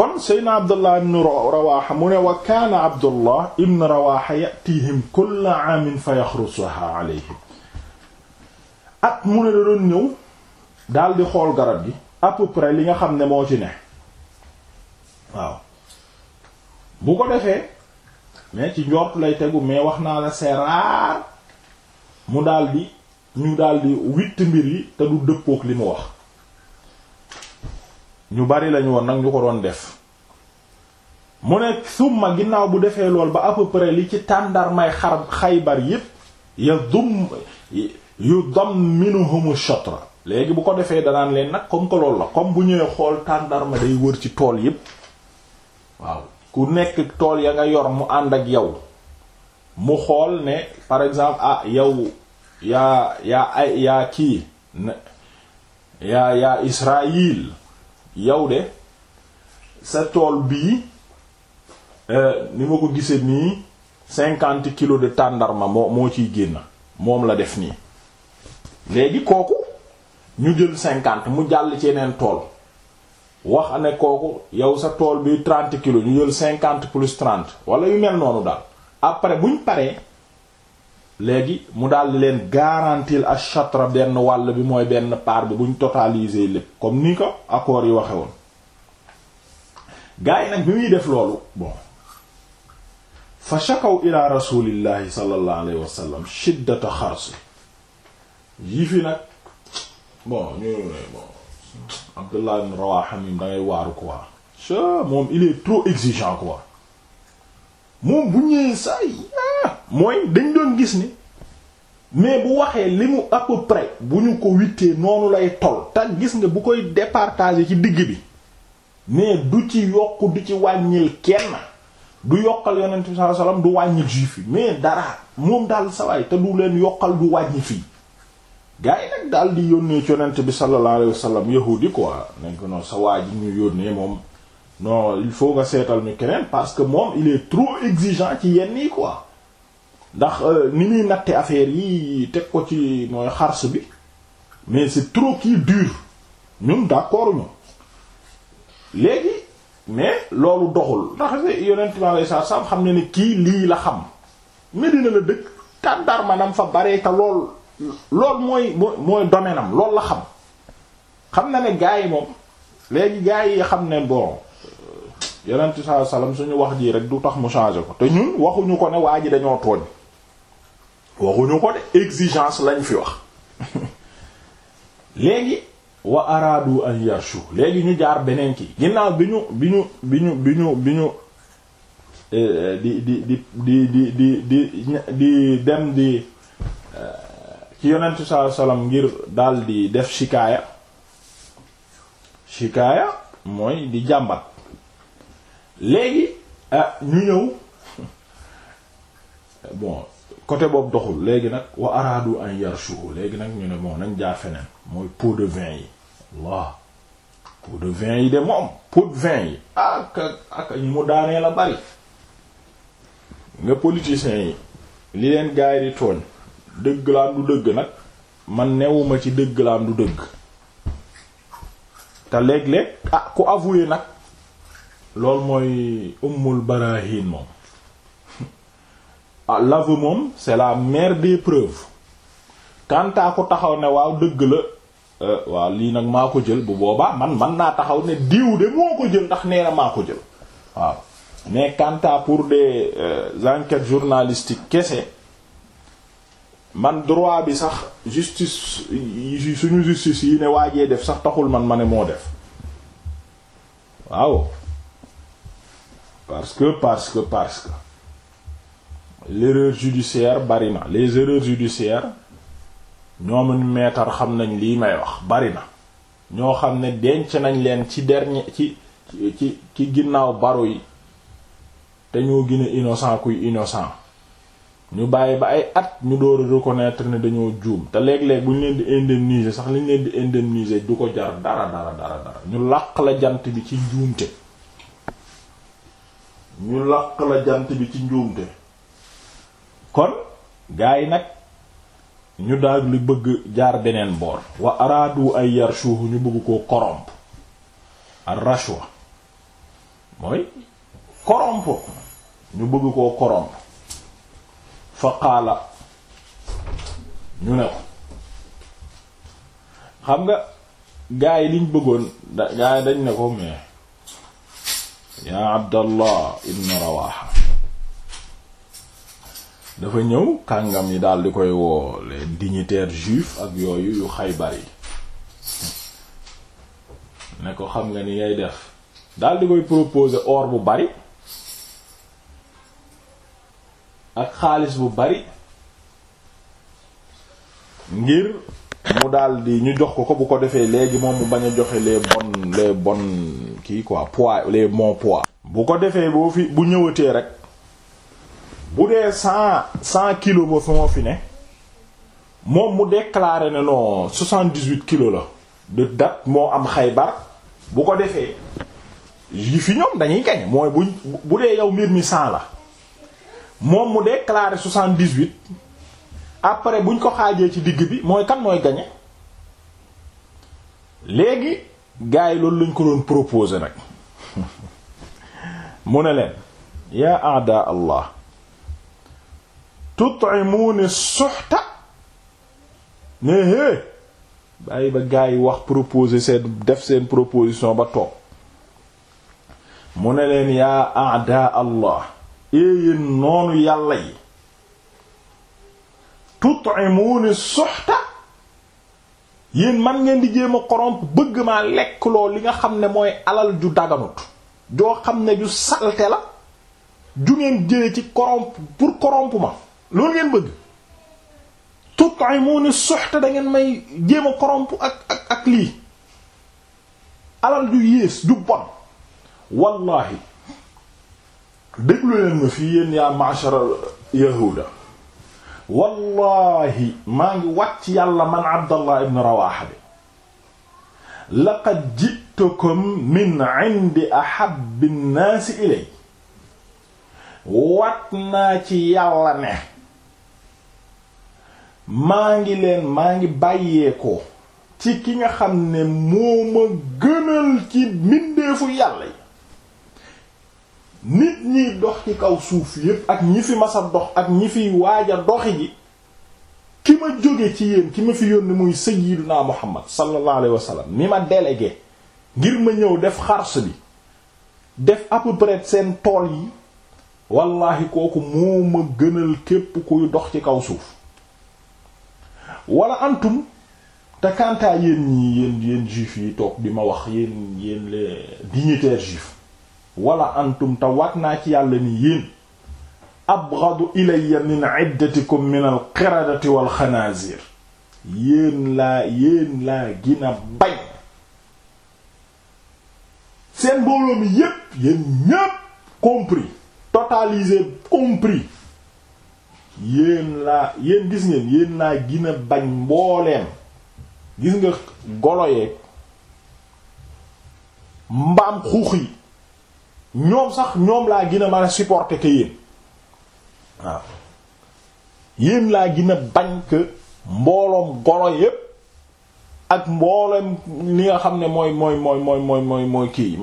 kon seydna abdullah ibn rawaxa mu ne wa kaana abdullah ibn rawaxa yatihim kulla aamin fa yaxrusuha alayhim at mu ne da ñëw daal di xool garab gi à peu li nga xam ne moo ci ne waaw bu ko defee mais ci njort lay tegu mais wax naa la c'est rare mu daal ñu daal di witt mbir yi te du dëppook li mu wax ñu bari lañu woon nag ñu ko doon def mu ne summa ginnaaw bu defee lool ba à peu li ci tàndarmay xar xaybar yépp ya dum yu dam minuhumu shatra léegi bu ko defee danaan leen nag comme que loolu la comme bu ñëwee xool tàndarma day wër ci tool yépp waaw ku nekk tool ya nga yor mu ànd ak yow mu xool ne par exemple ah yow yaa yaa ay yaa kii yaa yaa Israël yow de sa tool bii euh, ni ma ko gisee nii cinquante kilos de tàndarma moo moo ciy génna moom la def nii léegi kooku ñu jël cinquante mu jàll ci yeneen tool wax ne kooku yow sa tool bi trente kilos ñu jël cinquante plus trente wala yu mel noonu daal après buñ paree léegi mu daal leen garantir achatra benn wàll bi mooy benn part bi buñ totaliser lépp comme nii ko accords yi waxe woon gars yi nag bi muy def loolu bon fa shakaw ila rasulillahi sallallahu alayhi wasallam shiddata xarsi fi nag bon ñu bon Abdullah ibn Rawaha mim dangay waaru quoi moom il est trop exigeant quoi moom bu ñëwee say ah, mooy dañ doon gis ni mais bu waxee li mu à peu bu ñu ko wittee noonu lay tol te gis nga bu koy departage ci digg bi mais du ci yokk du ci wàññil kenn du yokkal yonent bi sallallahu alayhi du wàññil juif yi mais dara moom daal sawaay te du leen yokkal du wàññi fii gars yi nag daal di yónnee ci yonent bi sallallahu alayhi wasallam yahudi quoi nañ ko noonu sa waa ji ñu yónnee moom non il faut nga seetal ñu keneen parce que moom il est trop exigeant ci yenn yi quoi ndax euh, ni muy natte affaire yii teg ko ci mooy xars bi mais c'est trop kii dure ñun d'accord ñu léegi mais loolu doxul ndax yonent bi alayhi salaam xam ne ni kii lii la xam Medina la dëkk tàndar manam fa baree te lool lool mooy mooy domaine am loolu la xam xam na ne gaa yi moom léegi gaa yi xam ne bon yeneen saa salaam suñu wax jii rek du tax mu changer ko te ñun waxuñu ko ne waa ji dañoo tooñ waxuñu ko de exigence lañ fi wax léegi wa araadu an léegi ñu jaar beneen ki ginnaaw bi ñu bi ñu bi ñu bi ñu euh, di di di di di di di dem di euh, ci yonentu saa salaam ngir daal di def shikaaya shikaaya mooy di jàmbat léegi ah ñu ñëw bon côté boobu doxul léegi nag wa araadu an yarshuhu léegi nag ñu ne bon nañ jaar feneen mooy pot de vin yi Allah pot de vin yi de moom pot de vin yi ak ak ñu mu daanee la bari nga politiciens yi li leen gaay di tooñ dëgg laam du dëgg nag man newuma ci dëgg laam du dëgg te léeg-léeg ah ku avoué nag lool mooy ummul barahin moom ah, l'aveu moom c'est la mère des preuves kantaa ku taxaw ne waaw dëgg la euh, waaw lii nag maa ko jël bu boobaa man man naa taxaw ne diw de moo ko jël ndax nee maa ko jël waaw mais kantaa pour des euh, enquêtes journalistiques kese man droit bi sax justice suñu justice yi ne waajee def sax taxul man ma ne moo def waaw parce que parce que parce que l'erreur judiciaire bari na les erreurs judiciaires ñoomuñ meetar xam nañ lii may wax bari na ñoo xam ne denc nañ leen ci dernier ci ci ci ginnaaw baro yi te ñoo gën a innocent kuy innocent ñu bàyyi ba ay at ñu door a reconnaître ne dañoo juum te léeg-léeg bu ñu leen di indemniser sax li ñu leen di indemniser du ko jar dara dara dara ñu làq la jant bi ci njuumte ñu làq la jant bi ci njuumte kon gaa yi nag ñu daal li bëgg jaar beneen boor wa araadu ay yarshuhu ñu bëgg koo corrompre ar rashwa mooy corrompre ñu bëgg koo corrompre fa qaala ñu ne ko xam nga gaa yi liñ bëggoon gaa dañ ne ko mais yaa abdallah ibn rawaha dafa ñëw kàngam yi daal di koy woo les dignitaires juifs ak yooyu yu xaybar yi ne ko xam nga ni ngay def daal di koy proposer or bu bari ak xaalis bu bari ngir mu daal di ñu jox ko ko bu ko defee léegi moom mu bañ a joxe les bonnes les bonnes kii quoi pois les bons pois bu ko defee boo fi bu ñëwatee rek bu dee cent cent kilos ba fa moo fi ne moom mu déclaré ne non soixante-dix-huit kilos la de moo am Xaybar bu ko defee yi fi ñoom dañuy gañ mooy buñ bu dee yow mbir mi cent la moom mu déclaré soixante-dix-huit après buñ ko xaajee ci digg bi mooy kan mooy gañe léegi gars yi loolu lañ ko doon proposé nag mu ne leen yaa aada allah tut'imuuni suxta ne hé bàyyi ba gars yi wax proposé seen def seen proposition ba toog mu ne leen yaa aada allah éeyéen eh, noonu yàlla yi tut'imuuni suxta yéen man ngeen di jéem a corrompre bëgg maa lekk loo li nga xam ne mooy alal ju daganut joo xam ne ju salte la ju ngeen jëlee ci corrompre pour corrompre ma loolu ngeen bëgg tut'imuni suhta da dangeen may jéem a corrompre ak ak ak lii alal ju yées ju bon wallahi déglu leen ma fii yéen yaa ma'shara yahuda wallahi maa ngi wat ci yàlla man abdallah ibn rawaha bi laqad jitukum min indi ahabbi nnaasi ilay wat naa ci yàlla ne maa ngi leen maa ngi bàyyeekoo ci ki nga xam ne moo ma gënal ci mbindeefu yàlla yi nit ñiy dox ci kaw suuf yépp ak ñi fi masa dox ak ñi fiy waaj a doxi ki ma jóge ci yéen ki ma fi yónni muy naa muhammad sallallahu alayhi wa sallam mi ma délégué ngir ma ñëw def xars bi def à peu seen tool yi wallahi kooku moo ma gënal képp kuy dox ci kaw suuf wala antum te kantaa yéen ñi yéen yéen juif yi toog bi ma wax yéen yéen les dignitaires wala antum te waat naa ci yàlla ni yéen abghadu ilayya min iddatikum min al qiradati wal xanaazir yéen laa yéen laa gina bañ seen mbooloo mi yépp yéen ñépp compris totalisé compris yéen laa yéen gis ngeen yéen laa gina bañ mbooleem gis nga golo yeeg mbaam xuux yi ñoom sax ñoom laa gën a mën a supporter que yéen waaw yéen laa gën a bañ que mbooloom golo yépp ak mbooloom li nga xam ne mooy mooy mooy mooy mooy mooy mooy kii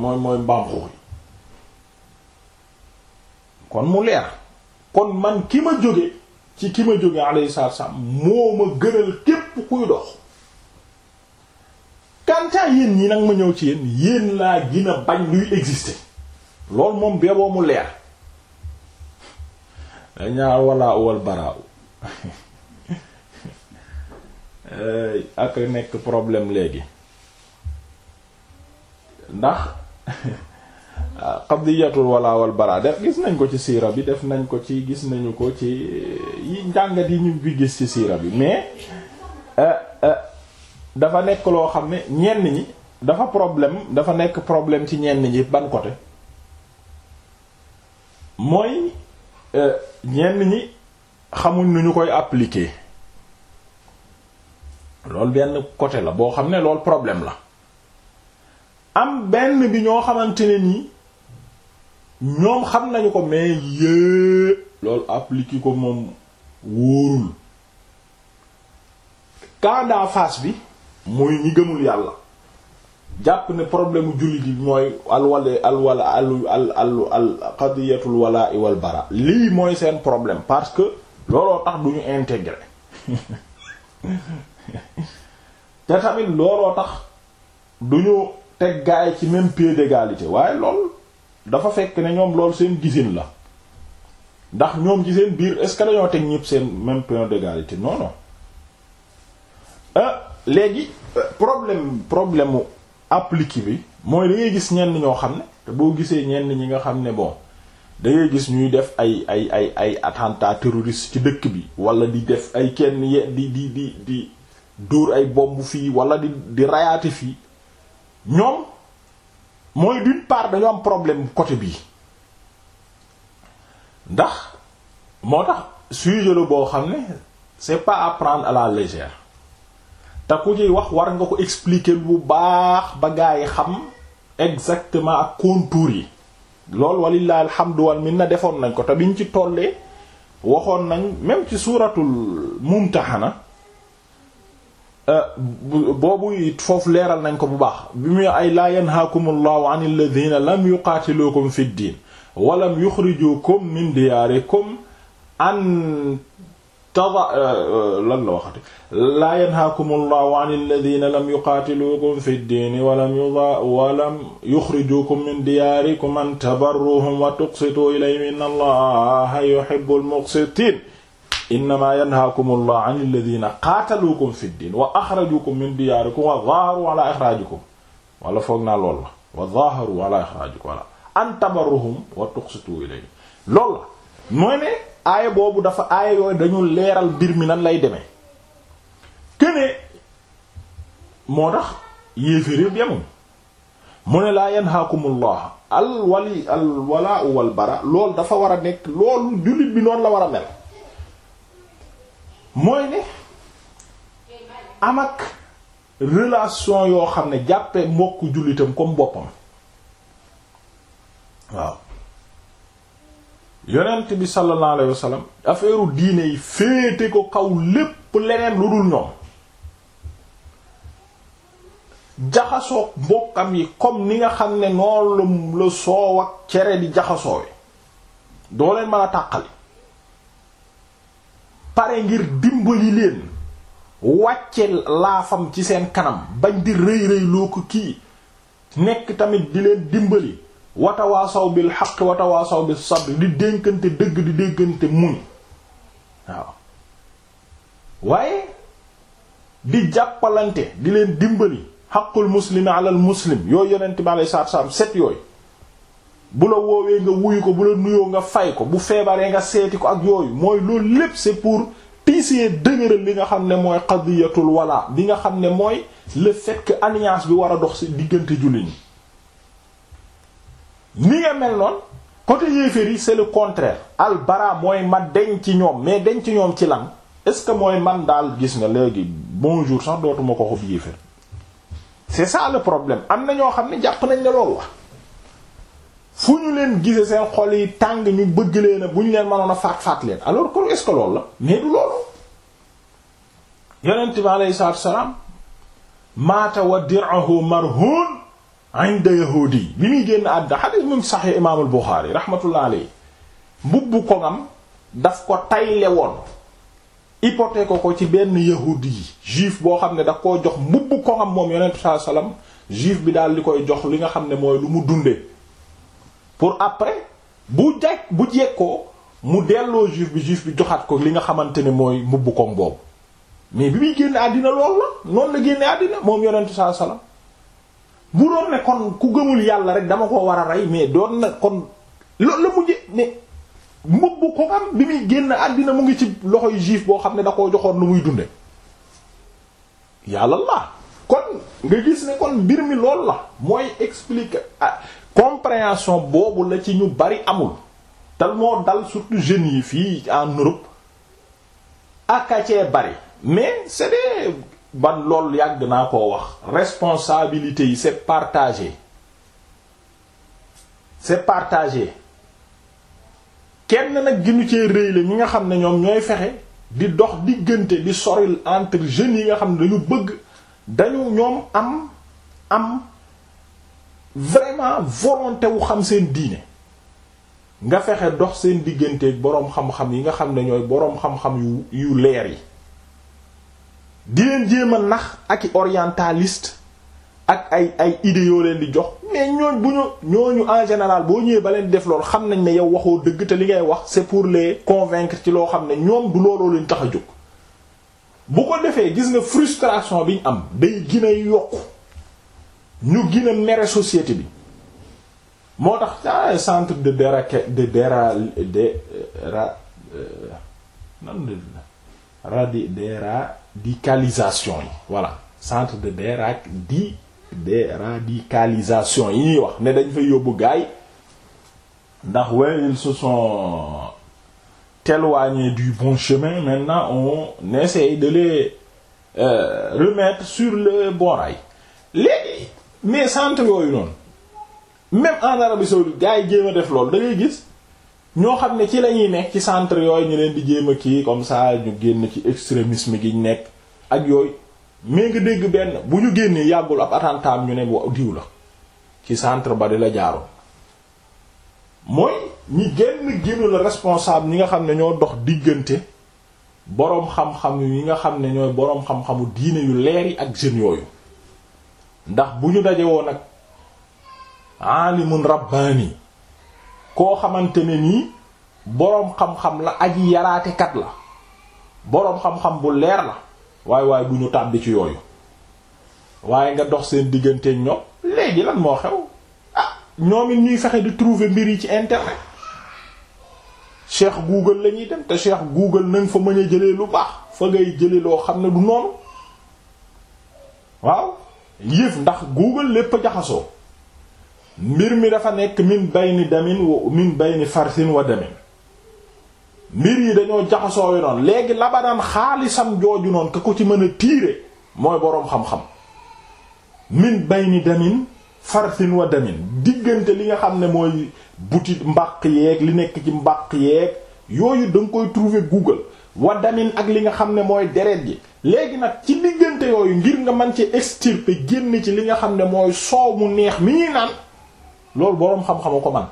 kon mu leer kon man ki ma jóge ci ki ma jóge alayhi salaatu wasallam moo ma gënal képp kuy dox kantaa yéen ñi nag ma ñëw ci yéen yéen laa gën a bañ luy exister loolu moom beeboo mu leer day ñaar walla wal baraaw eh, ak nekk problème léegi ndax qadiyatul walla wal bara def gis nañ ko ci siira bi def nañ ko ci gis nañu ko ci eh, yi njàngat yi ñu bi gis ci siira bi mais eh, dafa nekk loo xam ne ñenn ñi dafa problème dafa nekk problème ci ñenn ñi ban côté mooy euh, ñenn ñi xamuñ nu ñu koy appliquer lool benn côté la boo xam ne loolu problème la am benn bi ñoo xamante ne nii ñoom xam nañu ko mais yée loolu appliquer ko moom wóorul cas bi muy ñi gëmul yàlla jàpp ne problème jullit yi mooy alwale alwala al al al al qadiyatul walla wal bara lii mooy seen problème parce que looloo tax duñu intégré te tamit looloo tax duñu teg gaay ci même pied d'égalité waaye lool dafa fekk ne ñoom lool seen gisin la ndax ñoom ji seen biir est-ce que dañoo teg ñëpp seen même pied d'égalité non non euh, léegi euh, problème problème appliqué bi mooy da gis ñenn ñoo xam ne te boo gisee ñenn ñi nga xam ne bon da gis ñuy def ay ay ay ay attentat terroriste ci dëkk bi wala di def ay kenn di di di di dóor ay bomb fii wala di di fii ñoom mooy d'une part dañoo am problème côté bii ndax moo tax sujet boo xam ne c'est pas à prendre à la légère te ku ciy wax war nga ko expliquer bu baax ba yi xam exactement ak contours yi loolu walilah alhamdu min na defoon nañ ko te biñ ci tollee waxoon nañ même ci suuratul mumtahana euh, boobu it foofu leeral nañ ko bu baax bi muy ay laa yanhaakum allahu an alladina lam yuqaatilukum fi ddin walam yuxrijukum min diyaarikum an tava euh, euh, lan la waxati laa yanhaakum allahu an alladina lam yuqaatiluukum fi ddiini walam yuda walam yuxrijuukum min diyaarikum an tabarruhum wa tuqsituu ilayhim inna allaha yuhibbul muqsitiin innama yanhaakum allah an alladina qaataluukum fi ddiin wa axrajuukum min diyaarikum wa daaharuu ala ixraajikum wala foog naa lool la wa daaharuu ala ixraajikum wala an tabarruhum wa tuqsituu ilayhim lool la mooy ne aaya boobu dafa aaya yooyu dañu leeral mbir mi nan lay deme kene moo tax yéeféréb yemuñ mu ne laa yanhaakumullah al wali al walaa bara loolu dafa war a nekk loolu jullit bi noonu la war a mel mooy ne am ak relation yoo xam ne jàppe mbokk jullitam comme boppam waaw yonent bi sallallahu alayhi wa sallam affaire diine yi féete ko kaw lépp leneen lu dul ñoom jaxasoog mbokkam yi comme ni nga xam ne noonu la soow ak cere di jaxasoo yi doo leen mën a tàqali pare ngir dimbali leen wàcce laafam ci seen kanam bañ di rëy rëy loo ko kii nekk tamit di leen dimbali watawaasaw bil xaq watawaasaw bi sabr di dénkante dëgg di dénkante muñ waaw waaye di jàppalante di leen dimbali xaqul muslimi alal muslim yooyu yonent bi alayhi salaatu salaam set yooyu bu la woowee nga wuyu ko bu la nuyoo nga fay ko bu feebaree nga seeti ko ak yooyu mooy loolu lépp c'est pour tisser dëgëral li nga xam ne mooy qadiyatul wala li nga xam ne mooy le fait que bi war a dox ci diggante jullit ñi ni nga mel noonu côté yéeféer yi c'est le contraire al bara mooy ma deñ ci ñoom mais deñ ci ñoom ci lan est-ce que mooy man daal gis nga léegi bonjour sax dootuma ko xob yéeféer c'est ça le problème am na ñoo xam ne jàpp nañ ne loolu la fu ñu leen gise seen xol yi tàng ñu bëgg leen bu ñu leen mënoon a faat faat leen alors que est-ce que la mais du loolu yonent bi aleyhi salaatu wa salaam maata wa inda yahudi bi muy génn àddina xadis mu ngi saxee imaamul Buxaari rahmatullah alayhi mbubbu kogam daf ko tayle woon hypothèque ko ci benn yahudi yi juif boo xam ne daf koo jox mbubbu kogam moom yonent sallallahu alayhi wasallam juif bi daal li koy jox li nga xam ne mooy lu mu dundee pour après bu jag bu jekkoo mu delloo juif bi bi joxaat ko li nga xamante ne mooy mbubbu koŋ boobu mais bi muy génn àddina loolu la noonu la génne àddina moom yonent sallallahu alayhi wasallam bu doon ne kon ku gëmul yàlla rek dama ko war a rey mais doon na kon loolu la mujje ne mbubbu ko am bi muy génn àddina mu ngi ci loxoy juif boo xam ne da koo joxoon lu muy dunde yàlla la kon nga gis ne kon mbir mi lool la mooy expliquer ah, compréhension boobu la ci ñu bari amul tal moo dal surtout jeunes yi fii en Europe ak cee bari mais c'est des ban lool yàgg naa ko wax responsabilité yi c'est partagé c'est partagé kenn nag ginu cee rëy la ñi nga xam ne ñoom ñooy fexe di dox diggante di soril entre jeunes yi nga xam ne dañu bëgg dañu ñoom am am vraiment volonté wu xam seen diine nga fexe dox seen digganteeg boroom xam-xam yi nga xam ne ñooy boroom xam-xam yu yu leer yi di leen jéem nax ak i orientaliste ak ay ay idées yoo leen di jox mais ñooñ bu ñu ñooñu en général boo ñëwee ba leen def lool xam nañ ne yow waxoo dëgg te li ngay wax c'est pour les convaincre ci loo xam ne ñoom du looloo leen tax a jóg bu ko defee gis nga frustration bi ñu am day gën yokk ñu gën a mere société bi moo tax ca ah, centre de dérake de déra de euh, ra euh, nan déra déradicalisation yi voilà centre de déra di déradicalisation yi ñuy wax ne dañ fay yóbbu gaay ndax way ils se sont éloignés du bon chemin maintenant on essaye de les euh, sur le bon rail léegi mais centre yooyu noonu même en Arabie saoudite gars yi jéem def loolu da gis ñoo xam ne ci la ñuy nekk ci centre yooyu ñu leen di jéem a kii comme ça ñu génn ci extrémisme gi ñu nekk ak yooyu mais nga dégg benn bu ñu génnee yàggul ab attentat ñu ne diw la ci centre ba di la jaaroon mooy ñi génn génn la responsable ñi nga xam ne ñoo dox diggante boroom xam-xam yi nga xam ne ñooy boroom xam-xamu diine yu leer yi ak jeunes yooyu ndax bu ñu daje woon ak alimun rabbani koo xamante ne nii boroom xam-xam la aji yaraatekat la boroom xam-xam bu leer la waaye waaye bu ñu tàbbi ci yooyu waaye nga dox seen diggante ñoom léegi lan moo xew ah ñoom ñuy fexe di trouver mbir yi ci internet cheikh google lañuy dem te cheikh google nañ fa mën a jëlee lu baax fa ngay jëlee loo xam ne du noonu waaw yëf ndax google lépp jaxasoo mbir mi dafa nekk min bayni damin min bayni farsin wa damin mbir yi dañoo jaxasoo wi noonu léegi labanan xaalisam jooju noon ka ko ci mën a tiire mooy boroom xam-xam min bayni damin farsin wa damin diggante li nga xam ne mooy buti mbaq yeeg li nekk ci mbaq yeeg yooyu da koy trouver Google wa damin ak li nga xam ne mooy deret gi léegi nag ci diggante yooyu ngir nga mën ci extirper génn ci li nga xam ne mooy soow mu neex mi ñuy naan loolu boroom xam-xama ko man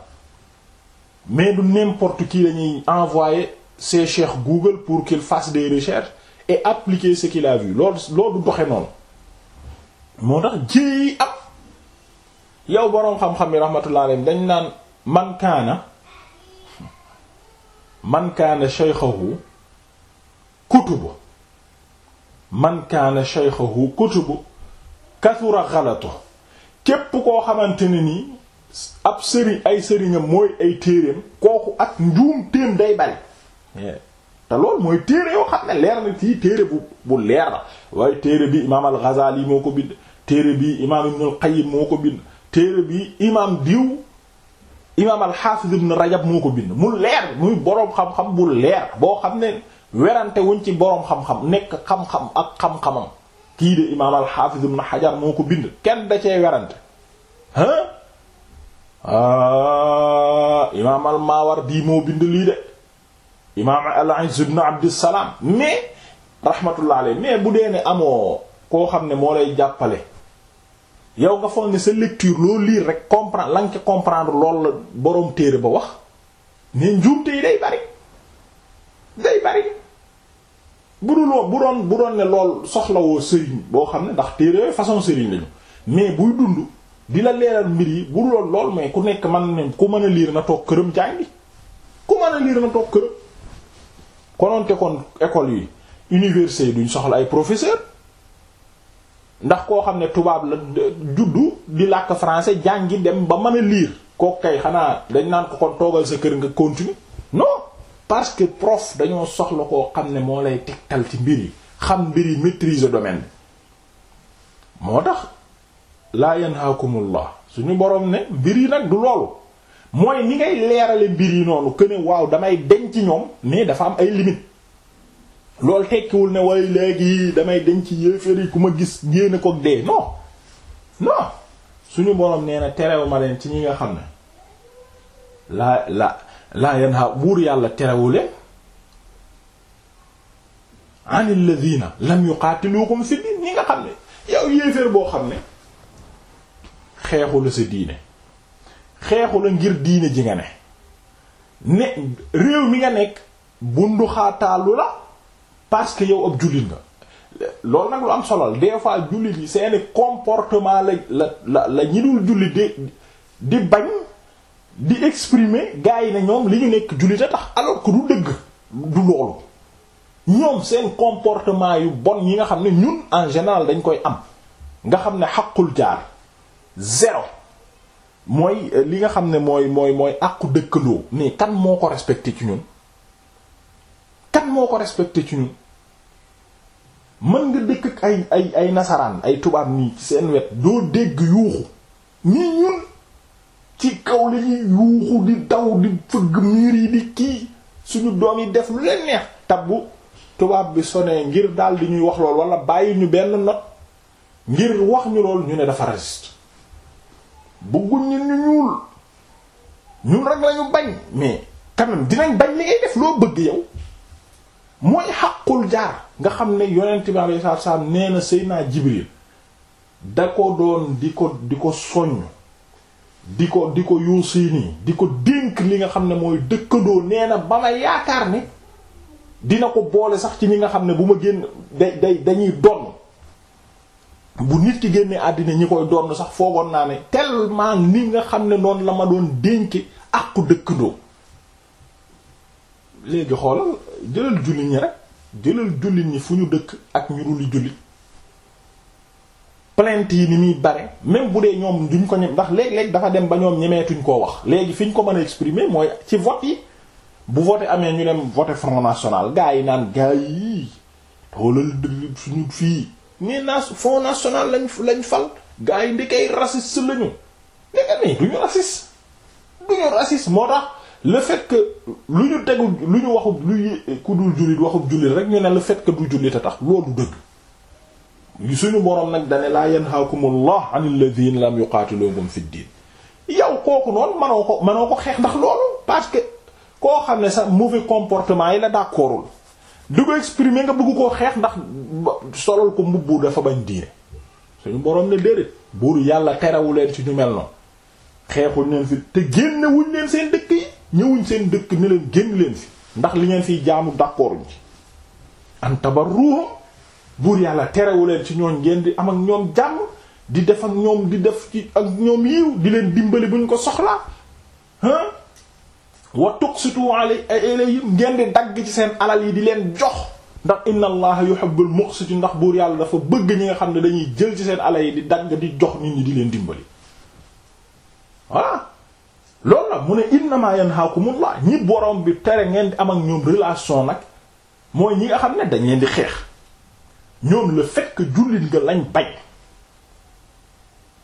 mais du n'importe qui lañuy envoyé cest chefs Google pour qu'il fasse des recherches et appliquer ce qu'il a vu loolu loolu du doxe noonu moo tax jéyi ab yow boroom xam-xam yi rahmatullah dañ naan mankaana kaana man kaana shaykhahu kutubu man kaana shaykhahu kutubu kathura ghalatu képp koo xamante ne nii ab sëriñ ay sëriñam mooy ay téereem kooku ak njuum téem day bari te lool mooy téere yoo xam ne leer na ci téere bu bu leer la waaye téere bi imaam al-Ghazali moo ko bind téere bi imaam Ibn moo ko bind téere bi imaam diw imaam al-Hafiz Ibn Rajab moo ko bind mu leer muy boroom xam-xam bu leer boo xam ne werante wuñ ci boroom xam-xam nekk xam-xam ak xam-xamam kii de imaam al-Hafiz Ibn moo ko bind kenn da cee werante ah ah imaam al-Mawardi moo bind lii de imaam al-Izz ibn Abdissalaam mais rahmatullah alayhi mais bu dee ne amoo koo xam ne moo lay jàppale yow nga foog ne sa lecture loo lire rek comprendre la comprendre lool la boroom téere ba wax ne njuumte yi day bari day bari bu dul bu doon bu doon ne lool soxlawoo sëriñ boo xam ne ndax téere façon sëriñ lañu mais buy dund. di la leeral mbir yi bu lool lool mais ku nekk man ne ku mën a liir na toog këram jàngi ku mën a liir na toog këram kononte kon école yi université yi duñ soxla ay professeur ndax koo xam ne tubaab la juddu di làkk français jàngi dem ba mën a liir koo kay xanaa dañ naan ko kon toogal sa kër nga continue non parce que prof dañoo soxla koo xam ne moo lay tegtal ci mbir yi xam mbir yi maîtriser domaine moo tax laa yanhaakumullah suñu borom ne mbir yi nag du loolu mooy ni ngay leerale mbir yi noonu que waaw damay deñ ci ñoom mais dafa am ay limites loolu tekkiwul ne waaye léegi damay deñ ci yéeféer yi ku ma gis ngéen ko dee non non suñu boroom nee na terewu leen ci ñi nga xam ne laa la laa yanha buur yàlla terewule an alladhina lam yuqatilukum fi din ñi nga xam ne yow yéeféer boo xam ne xeexu la sa diine xeexu la ngir diine ji nga ne ne réew mi nga nekk bunduxaataalu la parce que yow ak jullit nga loolu nag lu am solol des fois jullit yi seeni comportement la la la la ñi dul jullit di di bañ di exprimer gars yi ne ñoom li ñu nekk jullit a tax alors que du dëgg du loolu ñoom seen comportement yu bon yi nga xam ne ñun en général dañ koy am nga xam ne xaqul jaar zéro mooy euh, li nga xam ne mooy mooy mooy àqu dëkkandoo mais kan moo ko respecté ci ñun kan moo ko respecté ci ñun mën nga dëkk ay ay nasaraan ay tubaab nii ci seen wet doo dégg yuuxu nii ñun ci kaw la ñuy yuuxu di daw di fëgg miir yi di kii suñu doom yi def lu leen neex tabbu tubaab bi sonee ngir daal di ñuy wax lool wala bàyyi ñu benn not ngir wax ñu lool ñu ne dafa résiste bëgguñ ñun ñu ñuul ñun rek lañu bañ mais quand dinañ bañ li ngay def loo bëgg yow mooy xaqul jaar nga xam ne yonent bi alayhi salaatu salaam nee na naa Jibril da ko doon di ko di ko soññ di ko di ko yuusii di ko dénk li nga xam ne mooy dëkkandoo nee na ba ma yaakaar ne dina ko boole sax ci ñi nga xam ne bu ma génn day day dañuy donn bu nit ki génnee àddina ñi koy doon sax foogoon naa ne tellement ni nga xam ne noonu la ma doon dénke àqu dëkkandoo léegi xoolal jëlal jullit ñi rek jëlal jullit ñi fu ñu dëkk ak ñu dul jullit plainte yi ni muy bare même bu dee ñoom duñ ko ñem ndax léeg-léeg dafa dem ba ñoom ñemeetuñ koo wax léegi fi ñu ko mën a exprimer mooy ci vote yi bu vote amee ñu dem vote Front National gaa yi naan gaa yi toolal suñu fii ni nas Front National lañ lañ fal gars yi ndekay raciste lañu ndeke nii duñu raciste duñu raciste moo tax le fait lu ñu tegu lu ñu waxub lu ku dul jullit waxub jullit rek ñu ne la fait que du jullit a tax loolu dëgg suñu boroom nag dane laa yanhaakumullah anil ladhina lam yuqatilukum fid din yow kooku noonu manoo ko manoo ko xeex ndax loolu parce que koo xam ne sa mauvais comportement yi la d'accordul di ko exprimer nga bëgg koo xeex ndax solal ko mbubb dafa bañ diine suñu boroom ne déedéet buur yàlla terewu leen ci ñu mel noonu xeexuñ leen fi te génne leen seen dëkk yi ñëwuñ seen dëkk ne leen génn leen fi ndax li ngeen fiy jaamu d'accorduñ ci an tabarruhum buur yàlla terewu ci ñooñ ngeen di am ak ñoom jàmm di def ak ñoom di def ci ak ñoom yiw di leen dimbali buñ ko soxlaa wa tuqsitu ilayhim ngeen di dagg ci seen alal yi di leen jox ndax inna allaha yuhibbul muqsitin ndax buur yàlla dafa bëgg ñi nga xam ne dañuy jël ci seen alal yi di dagg di jox nit ñi di leen dimbali voilà loolu la mu ne innama yanhaakumullah ñi borom bi tere ngeen di am ak ñoom relation nag mooy ñi nga xam ne dañ leen di xeex ñoom le fait que jullit nga lañ bañ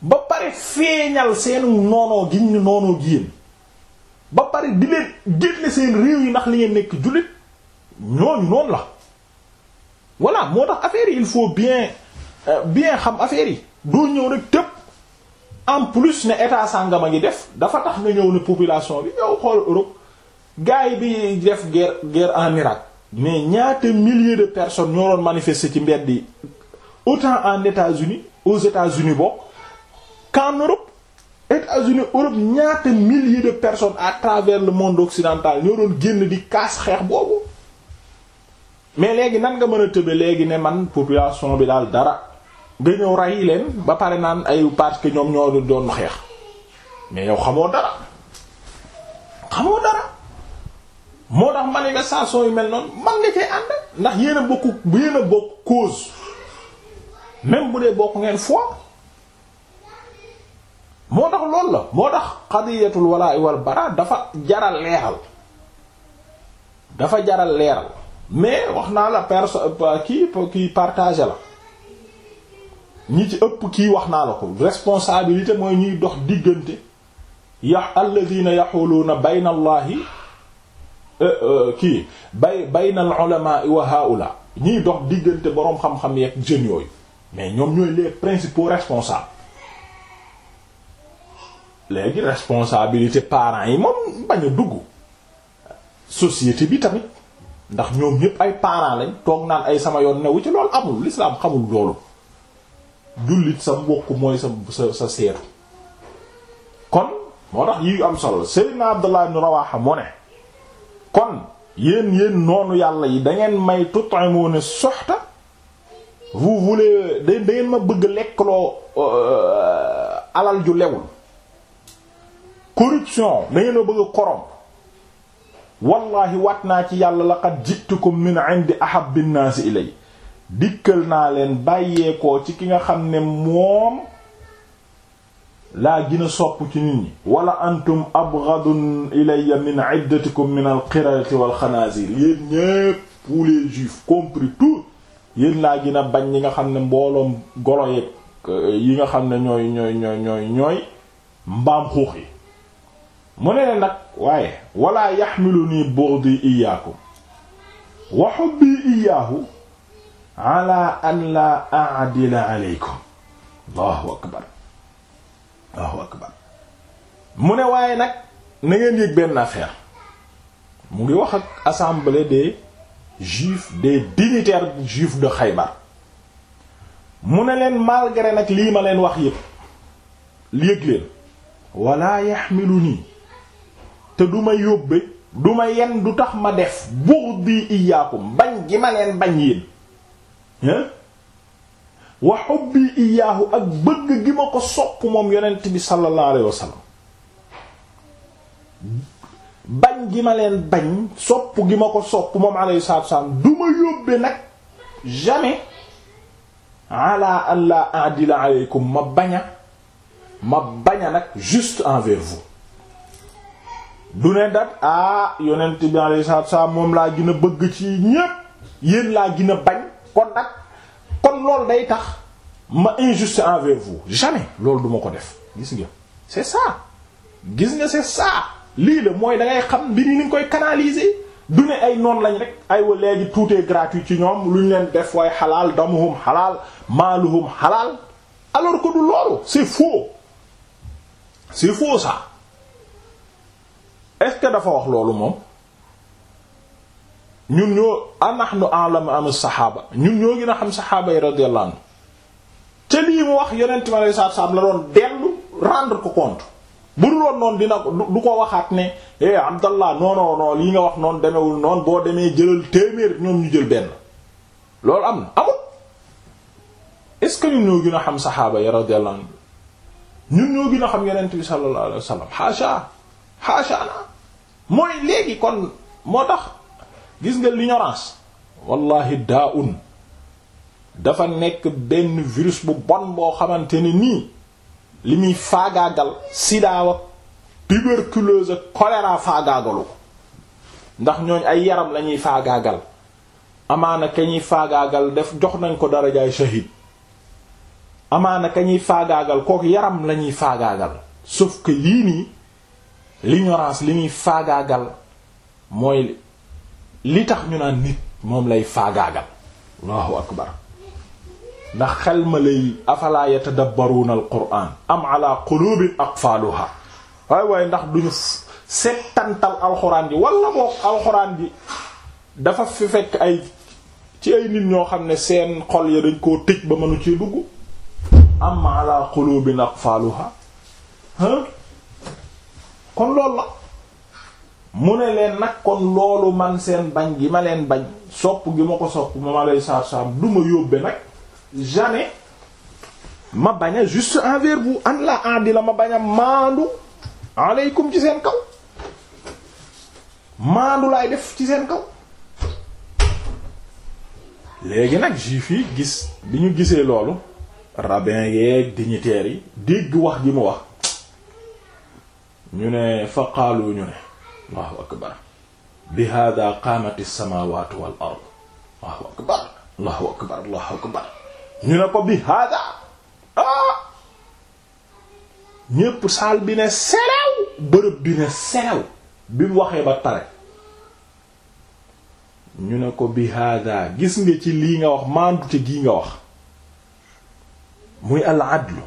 ba pare feeñal seenu noonoo gi ñu noonoo gi yéen pare di leen génne seen réew yi ndax li ngeen nekk jullit ñooñu noonu la voilà moo tax affaire yi il faut bien euh, bien xam affaire yi doo ñëw rek tëb en plus ne état sàngama ngi def dafa tax nga ñëw ne population bi yow xool Europe gars yi bi def guerre guerre en Irak mais ñaate milliers de personne ñoo doon manifester ci mbedd yi autant en États-Unis aux États-Unis bokk qu'en Europe États-Unis Europe ñaata milliers de personnes à travers le monde occidental ñoo doon génn di kaas xeex boobu mais léegi nan nga mën a tëbe léegi ne man population bi daal dara nga ñëw rey leen ba pare naan ay parce que ñoom ñoo doon xeex mais yow xamoo dara xamoo dara moo tax manifestation yu mel noonu man nga cee ànd ndax yéen a bokk yéen a bokk cause même bu dee bokk ngeen foi moo tax loolu la moo tax qadiyatul walaa wal bara dafa jaral leeral dafa jaral leeral mais wax naa la personne kii kii partagé la ñi ci ëpp kii wax naa la ko responsabilité mooy ñuy dox diggante ya alladhina yahuluna bayna allahi e, e, kii bay bayna al ulama wa haula ñiy dox diggante boroom xam-xam yeeg jeunes yooyu mais ñoom ñooy les principaux responsables léegi responsabilité parent yi moom bañ a dugg société bi tamit ndax ñoom ñépp ay parent lañ toog naan ay sama yoon newu ci loolu amul l'islam xamul loolu jullit sa mbokk mooy sa sa sa seetu kon moo tax yi am solo Seydina Abdullah ibn Rawaha mu ne kon yéen yéen noonu yàlla yi da ngeen may tut'imuna soxta vous voulez da ngeen ma bëgg lekkloo euh, alal ju lewul corruption da ngeen a bëgg a wallahi wat naa ci yàlla la laqad jitukum min indi ahabbi nnaasi ilay dikkal naa leen bàyyeekoo ci ki nga xam ne moom laa gina a sopp ci nit ñi wala antum abghadun ilayya min iddatikum min al qirati wal xanaasir yéen ñépp tous les compris tout yéen laa gën bañ ñi nga xam ne mbooloom golo yeeg euh, yi nga xam ne ñooy ñooy ñooy ñooy mbaam xuux yi mu ne leen nag waaye wala yaxmiluni bughdi iyaakum wa hubbi iyaahu ala an la aleykum allahu akbar allahu akbar mu ne waaye nag na yëg benn affaire mu ngi wax ak assemblée des juifs des dignitaires juifs de Khaybar mu ne leen malgré nag lii ma leen wax yépp yëg leen wala yaxmiluni te du ma yóbbe du ma yen du tax ma def bughdi iyaakum bañ gi ma leen bañ yéen wa hubbi iyaahu ak bëgg gi ma ko sopp moom yonent bi sallallahu alayhi wa sallam bañ gi ma bañ sopp gi ma ko sopp moom alayhi salaatu nag jamais ala an la adila aleykum ma baña ma baña nag juste envers vous du ne dat ah yonent bi alayhi salaatu salaam moom laa gin a bëgg ci ñépp yéen laa gin a bañ kon nag kon loolu day tax ma injuste envers vous jamais lool duma ko def gis nga c'est ça gis nga c'est ça lii de mooy da xam bi yi ni koy canaliser du ne ay noon lañ rek aywa léegi tout est gratuit ci ñoom lu ñu leen def waaye xalaal damuhum xalaal maaluhum xalaal alors que du loolu c'est faux c'est faux ça est-ce que dafa wax loolu moom ñun ñoo anahnu a'lamu am saxaaba ñun ñoo gën a xam saxaaba yi radiyallahu anhu te lii mu wax yonent mi alayhi salaatu salaam la doon dellu rendre ko compte bu dul woon noonu dina du ko waxaat ne eh Abdallah non non non lii nga wax noonu demewul noonu boo demee jëlal téeméer ñoom ñu jël benn loolu am na amul est-ce que ñun ñoo gën a xam saxaaba yi radiyallahu anhu ñun ñoo gën a xam yonent bi sallallahu alayhi wasallam xaasha xaasha na mooy léegi kon moo tax gis nga l'ignorance wallahi daa un dafa nekk benn virus bu bon boo xamante ne nii li muy faagaagal sida wa tuberculose ak faagaagalu ko ndax ñooñ ay yaram lañuy faagaagal amaana ka ñuy faagaagal def jox nañ ko darajaay shahid amaana ka ñuy faagaagal kook yaram lañuy faagaagal sauf que yii nii l'ignorance li ñuy faagaagal mooy li tax ñu naan nit moom lay faagaagal allahu akbar ndax xel ma lay afalaa yatadabbaruuna al quraan am ala quluubin aqfaaluha waay waaye ndax duñu settantal alxuraan ji wala boog alxuraan ji dafa fi fekk ay ci ay nit ñoo xam ne seen xol ya dañ koo tëj ba mënu ci dugg am ala quluubin aqfaaluha ha kon loolu la mu ne leen nag kon loolu man seen bañ gi ma leen bañ sopp gi ma ko sopp ma ma lay saar saam du ma yóbbe nag jamais ma bañ a juste envers vous an la andi la ma baña a maandu aleykum ci seen kaw maandu laay def ci seen kaw léegi nag juif yi gis bi ñu gisee loolu rabbin yeeg dignitaires yi dégg wax gi mu wax ñu ne fa qaalu ñu ne allahu akbar bi hada qaamati as wal ard allahu akbar allahu akbar ñu ne ko bi hada ah ñépp saal bi ne selew bërëb bi ne selew bi waxee ba pare ñu ne ko bi hada gis nga ci lii nga wax ci gii nga wax muy al adlu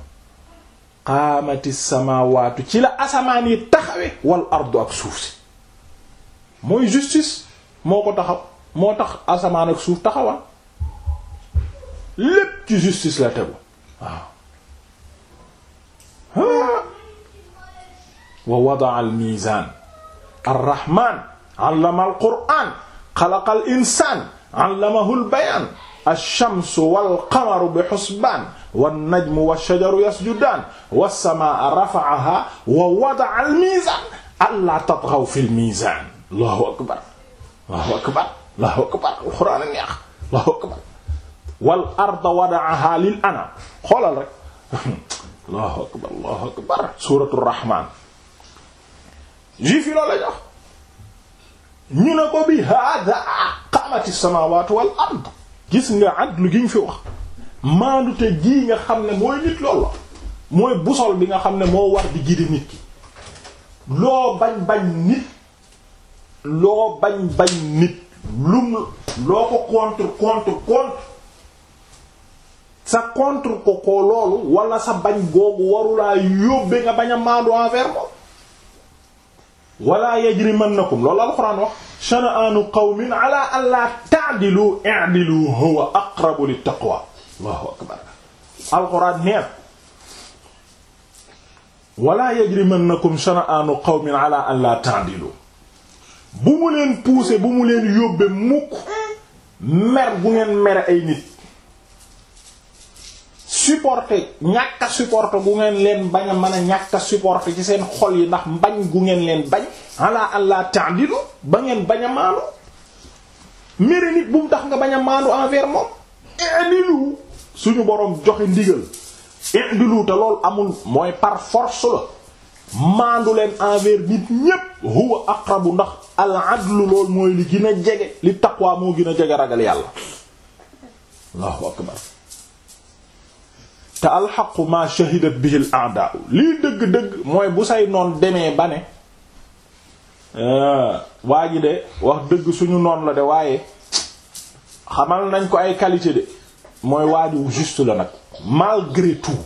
qaamati samaawaatu ci la asamaan yi taxawe wal ardu ak suuf si mooy justice moo ko taxaw moo tax asamaan ak suuf taxawaan lépp ci justice la tegu waaw ah. wa wadaa al miizaan arrahmaan allama al qur'aan xalaqa al insaan allamahu al bayaan ash-shamsu wal qamaru bi husbaan wan najmu wash-shajaru yasjudaan was-samaa rafa'ahaa wa wada'a al-miizaan allaa tatghaw fil miizaan allahu akbar allahu akbar allahu akbar alxuraan a neex allahu akbar wal arda wada'ahaa lil anaam xoolal rek allahu akbar allahu akbar suuratu rahmaan juif yi loolu la jox ñu ne ko bi haadaa qaamati samaawaatu wal ard gis nga adlu gi ñu fi wax maandute ji nga xam ne mooy nit lool la mooy busol bi nga xam ne moo war di gidi nit ki loo bañ bañ nit loo bañ bañ nit lum loo ko contre contre contre sa contre ko ko loolu wala sa bañ googu warulaa yóbbe nga bañ a maandu envers moom na yajrimannakum loolu alxuraan wax shana'anu qawmin ala an la ta'dilu i'dilu huwa aqrabu lit allahu akbar alxuraan neex wala yajrimannakum shana'aanu qawmin ala an la ta'dilu bu mu leen pousser bu mu leen yóbbe mukk mer bu ngeen mere ay nit supporter ñàkk a gu ngeen leen bañ man mën a ñàkk a ci seen xol yi ndax mbañ gu ngeen leen bañ ala allah ta'dilu ba ngeen bañ a maanu mere nit bu mu tax nga bañ a maanu envers moom i'dilu suñu boroom joxe ndigal indilu te lool amul mooy par force la maandu leen envers nit ñépp huwa aqrabu ndax al adlu lool mooy li gën a jege li taqwa moo gën a jege ragal yàlla allahu akbar te alxaqu ma shahidat bihi al a'da lii dëgg-dëgg mooy bu say noon demee ba ne waa ji de wax dëgg suñu noon la de waaye xamal nañ ko ay qualité de mooy waaju juste la nag malgré tout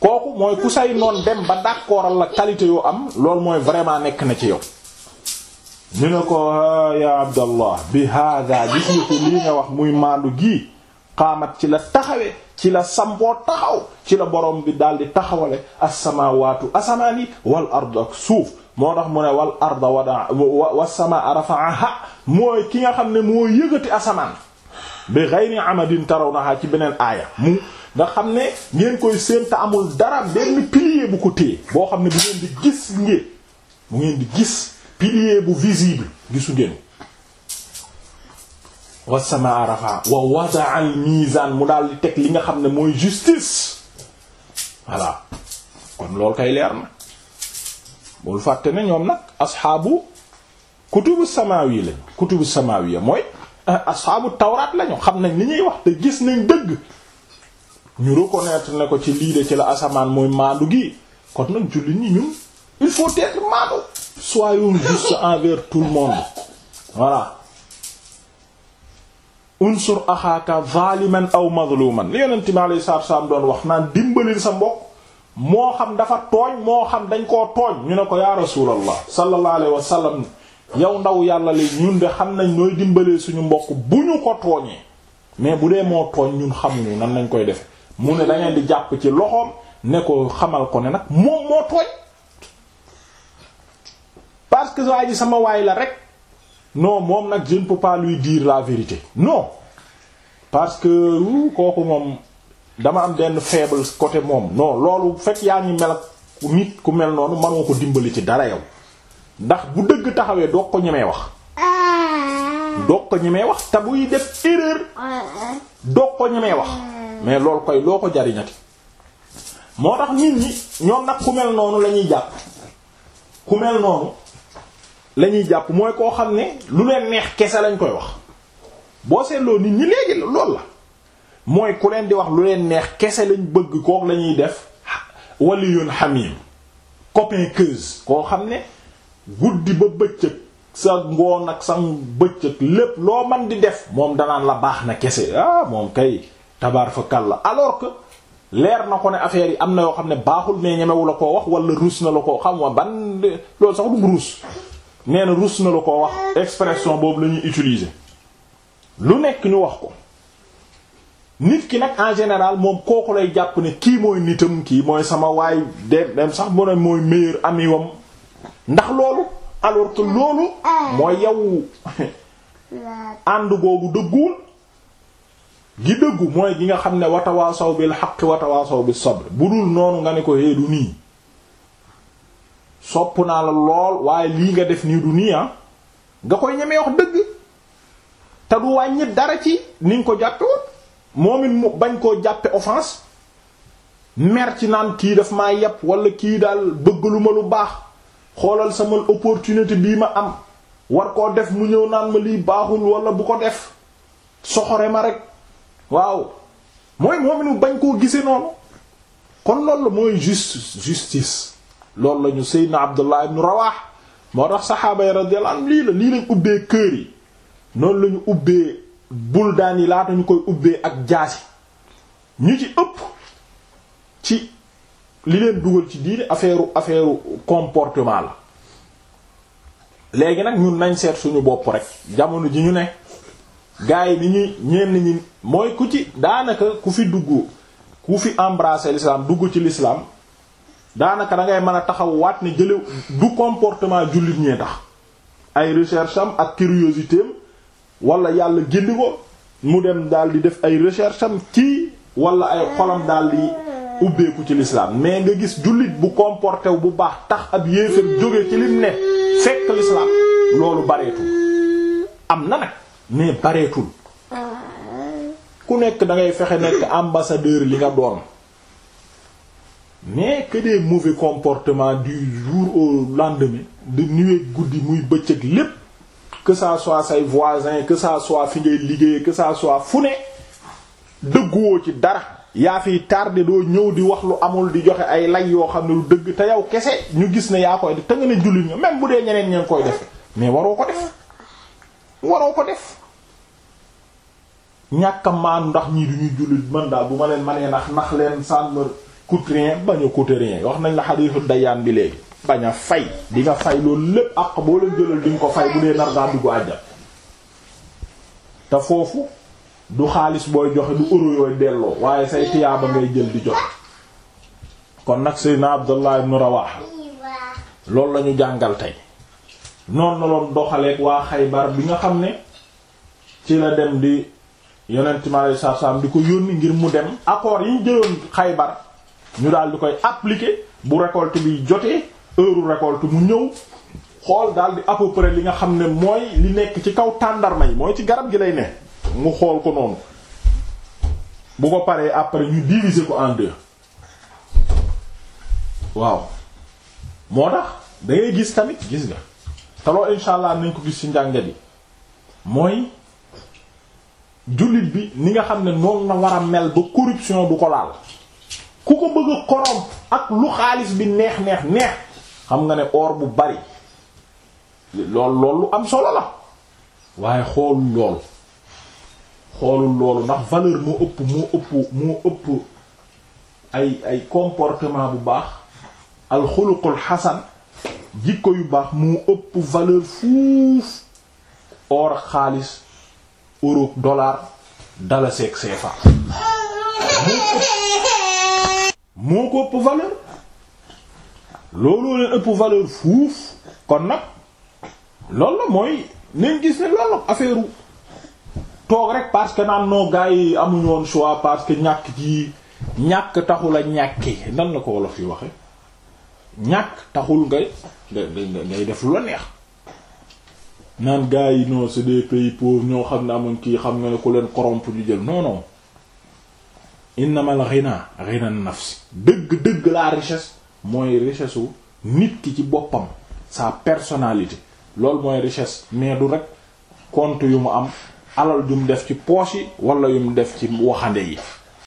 kooku mooy ku say noon dem ba d'accordal la qualité yoo am lool mooy vraiment nekk na ci yow ñu ne ko ya abdallah bi hada gis lii nga wax muy maandu gii xaamat ci la taxawe ci la sampoo taxaw ci la borom bi daal di taxawale as-samawatu asamaan yi wal ard ak suuf moo tax mu ne wal arda wada wasama rafaaha mooy ki nga xam ne moo yëgati asamaan bi ghayri amadin tarawnaha ci beneen aaya mu nga xam ne ngeen koy séenta amul dara benn pilier bu ko téye boo xam ne bu ngeen di gis ngeen bu ngeen di gis pilier bu visible gisu ngeen wa samaa rafa wa wada'a al mizan mu daal di teg li nga xam ne mooy justice voilà kon loolu kay leer na bul fàtte ne ñoom nag asxaabu kutubu samaawiya lañ kutubu samaawiya mooy asxaabu tawraat lañu xam nañ li ñuy wax te gis nañ dëgg ñu reconnaître ne ko ci lii de ci la asamaan mooy maandu gi kon nag jullit ñi ñun il faut être maandu soyons justes envers tout le monde voilà unsur axaaka zaliman aw mazluman li yonente bi alayhi salaatu salaam doon wax naan dimbalil sa mbokk moo xam dafa tooñ moo xam dañ koo tooñ ñu ne ko ya rasulallah sallallahu alayhi yow ndaw yàlla li ñun de xam nañ nooy dimbalee suñu mbokk bu ñu ko tooñee mais bu dee moo tooñ ñun xamuñu nan lañ koy defe mu ne da ngeen di jàpp ci loxoom ne ko xamal ko ne nag moom moo tooñ parce que waa ji sama waay la rek no moom nag je ne peux pas la vérité non parce que kooku moom dama am benn faible côté moom non loolu fekk yaa ngi mel ak nit ku mel noonu mënoo ko dimbali ci dara yow. ndax bu dëgg taxawee doog ko ñemee wax doog ko ñemee wax te buy def erreur doog ko ñemee wax mais loolu koy loo ko jariñati moo tax nit ñi ñoom nag ku mel noonu la ñuy jàpp ku mel noonu la jàpp mooy koo xam ne lu leen neex kese lañ koy wax boo seetloo nit ñi léegi loolu la mooy ku leen di wax lu leen neex kese lañ bëgg kook lañuy def def waliyun hamim copain keuse koo xam ne guddi ba bëccëg sa ngoon ak sa bëccëg lépp loo man di def moom danaan la baax na kese ah moom kay tabaar fa kàlla alors que leer na ko ne affaire yi am na yoo xam ne baaxul mais ñemewu la koo wax wala ruus na la koo xam wa ban loolu sax du ruus nee na na la koo wax expression boobu la ñuy utiliser lu nekk ñu wax ko nit ki nag en général moom kooku lay jàpp ne kii mooy nitam kii mooy sama waay de dem sax mu ne mooy meilleur ami ndax loolu alors que loolu mooy yow ànd boobu dëgguwul gi dëggu mooy gi nga xam ne watawaasaw bil xaq watawaasaw bis sabr bu dul noonu nga ne ko hee du nii sopp naa la lool waaye lii nga def nii du nii ah nga koy ñemee wax dëgg te du wàññi dara ci ni ko jàppe moom it mu bañ koo jàppe offense merci ci naan kii daf maa yàpp wala kii daal bëgg lu ma lu baax xoolal sama opportunité bii ma am war koo def mu ñëw naan ma lii baaxul wala bu ko def soxore ma rek waaw mooy moominu bañ koo gisee noonu kon loolu la mooy justice justice loolu la ñu Seydina Abdullah ibn Rawah moo tax saxaaba yi radiyallahu anhum lii la lii lañ ubbee kër yi noonu lañu ñu ubbee daan yi laata ñu koy ubbee ak jaasi ñu ci ëpp ci li leen dugal ci diine affaire affaire comportement la léegi nag ñun nañ seet suñu bopp rek jamono ji ñu ne gars yi ni ñuy ñenn ñi mooy ku ci daanaka ku fi dugg ku fi embrasser l'islam dugg ci lislaam daanaka da ngay mën a taxaw waat ne jële du comportement jullit ñee tax ay recherche am ak curiosité walla yàlla gindi ko mu dem daal di def ay recherche am ci wala ay xolam daal ubbeeku ci lislaam mais nga gis jullit bu comporté wu bu baax tax ab yéefar jóge ci lim ne fekk lislaam loolu bareetul am na nag mais bareetul ku nekk da ngay fexe nekk ambassadeur li nga doon mais que des comportement comportements du jour au lendemain de nuit guddi muy bëccëg lépp que ça soit say voisins que ça soit fi ngay liggéey que fu ne dëgguwoo ci dara yaa fiy tardé doo ñëw di wax lu amul di joxe ay lay yoo xam ne lu dëgg te yow kese ñu gis ne yaa koy def te nga ne jullit nga même bu dee ñeneen ñeen koy def mais waroo ko def waroo ko def ñàkk a ndax ñii du ñuy jullit mën daal bu ma leen manee nax nax leen sànma coûte rien bañ a coûte wax nañ la xadiisu dayaan bi léegi bañ a fay di nga fay loolu lépp ak boo leen jëlal di ko fay bu dee nar ngaa dugg àjjal te foofu du xaalis booy joxe du euro yooyu delloo waaye say tiyaaba ngay jël di joxe kon nag seydna Abdullah ibn Rawaha loolu lañu jàngal tey noonu la doon doxaleek waa Xaybar bi nga xam ne ci la dem di yonent mi alayhi di ko yónni ngir mu dem accords yi ñu jëloon Xaybar ñu daal di koy appliquer bu récolte bi jotee heure récolte mu ñëw xool daal di à li nga xam ne mooy li nekk ci kaw tàndarma yi mooy ci garab gi lay ne mu xool ko noonu bu ko paree après ñu diviser ko en deux waaw moo tax dangay gis tamit gis nga taloo insha allah nañ ko gis ci njàngat yi mooy jullit bi ni nga xam ne noonu na war a mel ba corruption du ko laal ku ko bëgg a ak lu xaalis bi neex neex neex xam nga ne or bu bari lool lool am solo la waaye xoolu lool xoolul loolu ndax valeur moo ëpp moo ëpp moo ëpp ay comportement bu baax alxuluqul xasan jikko yu baax moo ëpp valeur fuuf or xaalis euro dollar dala seeg fa moo ko ëpp valeur looloo leen ëpp valeur fuuf kon nag loolu la mooy nañ gis ne loolu affaire toog rek parce que naan noo gars yi amuñu woon choix parce que ñàkk ji ñàkk taxul a ñàkki nan la ko wolof yi waxe ñàkk taxul ngay ngay def lu la neex naan gars yi non c'est des pays pauvres ñoo xam ne amuñ kii xam nga ne ku leen corrompre ñu jël non non innamal ghina ghina nafsi dëgg dëgg la richesse mooy richesse wu nit ki ci boppam sa personnalité loolu mooy richesse mais du rek compte yu mu am alal jum def ci poche yi wala yum def ci waxande yi